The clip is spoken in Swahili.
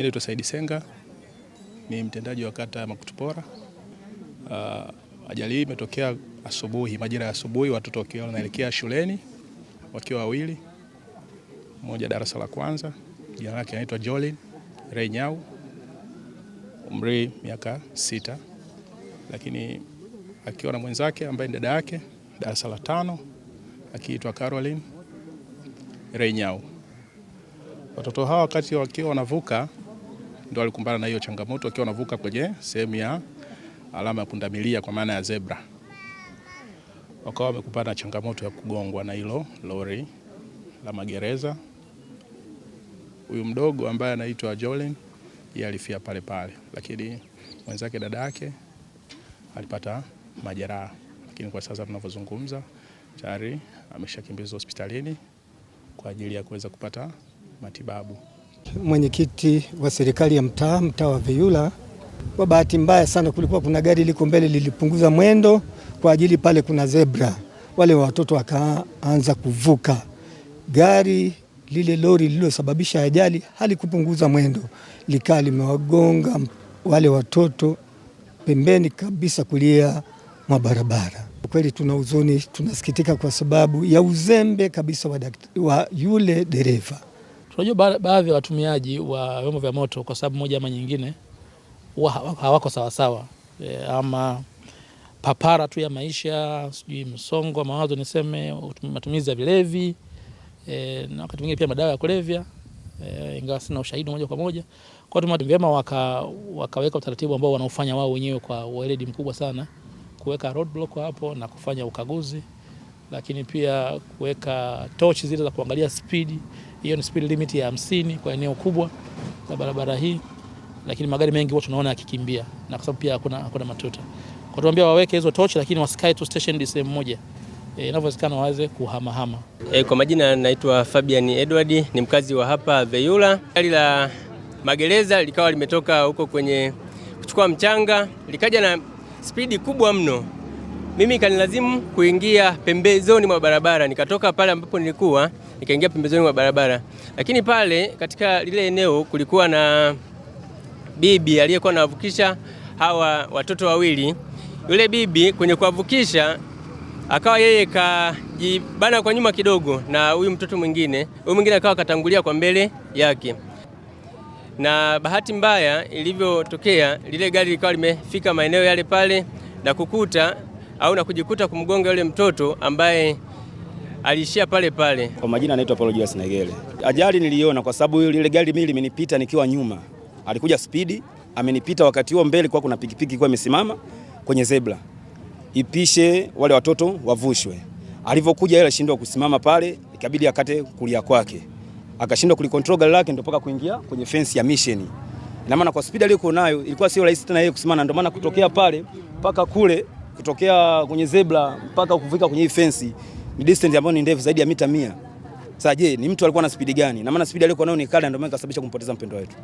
Mimi naitwa Saidi Senga, ni mtendaji wa kata ya Makutupora. Uh, ah, ajali hii imetokea asubuhi, majira ya asubuhi, watoto wakiwa wanaelekea shuleni wakiwa wawili, mmoja darasa la kwanza, jina lake anaitwa Jolin Ray Nyau, umri miaka sita, lakini akiwa na mwenzake ambaye ni dada yake darasa la tano, akiitwa Caroline Ray Watoto hawa wakati wakiwa wanavuka ndio alikumbana na hiyo changamoto akiwa anavuka kwenye sehemu ya alama ya pundamilia kwa maana ya zebra, wakawa wamekupata changamoto ya kugongwa na hilo lori la magereza. Huyu mdogo ambaye anaitwa Jolin, yeye alifia pale pale, lakini mwenzake dada yake alipata majeraha, lakini kwa sasa tunavyozungumza tayari ameshakimbizwa hospitalini kwa ajili ya kuweza kupata matibabu. Mwenyekiti wa serikali ya mtaa mtaa wa Veyula, kwa bahati mbaya sana kulikuwa kuna gari liko mbele lilipunguza mwendo kwa ajili pale kuna zebra, wale watoto wakaanza kuvuka gari lile lori lililosababisha ajali halikupunguza mwendo, likaa limewagonga wale watoto pembeni kabisa kulia mwa barabara. Kweli tuna huzuni, tunasikitika kwa sababu ya uzembe kabisa wa, wa yule dereva. Tunajua ba baadhi ya watumiaji wa vyombo vya moto kwa sababu moja ama nyingine huwa hawako sawasawa e, ama papara tu ya maisha, sijui msongo wa mawazo, niseme matumizi ya vilevi e, na wakati mwingine pia madawa ya kulevya e, ingawa sina ushahidi moja kwa moja kwa vyema waka, wakaweka utaratibu ambao wanaofanya wao wenyewe kwa weledi mkubwa sana, kuweka roadblock hapo na kufanya ukaguzi lakini pia kuweka tochi zile za kuangalia spidi. Hiyo ni speed limit ya hamsini kwa eneo kubwa la barabara hii, lakini magari mengi huwa tunaona yakikimbia, na kwa sababu pia hakuna kuna matuta, kwa tuambia waweke hizo tochi, lakini wasikae tu station sehemu moja e, inavyowezekana waweze kuhamahama. E, kwa majina naitwa Fabian Edward, ni mkazi wa hapa Veyula. Gari la magereza likawa limetoka huko kwenye kuchukua mchanga, likaja na spidi kubwa mno mimi ikanilazimu kuingia pembezoni mwa barabara, nikatoka pale ambapo nilikuwa nikaingia pembezoni mwa barabara. Lakini pale katika lile eneo kulikuwa na bibi aliyekuwa anawavukisha hawa watoto wawili. Yule bibi kwenye kuwavukisha akawa yeye kajibana kwa nyuma kidogo, na huyu mtoto mwingine, huyu mwingine akawa katangulia kwa mbele yake, na bahati mbaya ilivyotokea, lile gari likawa limefika maeneo yale pale na kukuta au na kujikuta kumgonga yule mtoto ambaye aliishia pale pale. Kwa majina anaitwa Paulo Julius Negele. Ajali niliona kwa sababu lile gari mimi limenipita nikiwa nyuma, alikuja spidi amenipita, wakati huo mbele kwa kuna pikipiki kwa imesimama kwenye zebra ipishe wale watoto wavushwe. Alivyokuja yeye alishindwa kusimama pale, ikabidi akate kulia kwake, akashindwa kulikontrol gari lake, ndio paka kuingia kwenye fence ya mission. Ina maana kwa spidi aliyokuwa nayo ilikuwa sio rahisi tena yeye kusimama, ndio maana kutokea pale paka kule Kutokea kwenye zebra mpaka kufika kwenye hii fence ni distance ambayo ni ndefu zaidi ya mita mia. Sasa je, ni mtu alikuwa na spidi gani? Na maana spidi aliyokuwa nayo ni kali, ndio maana ikasababisha kumpoteza mpendwa wetu.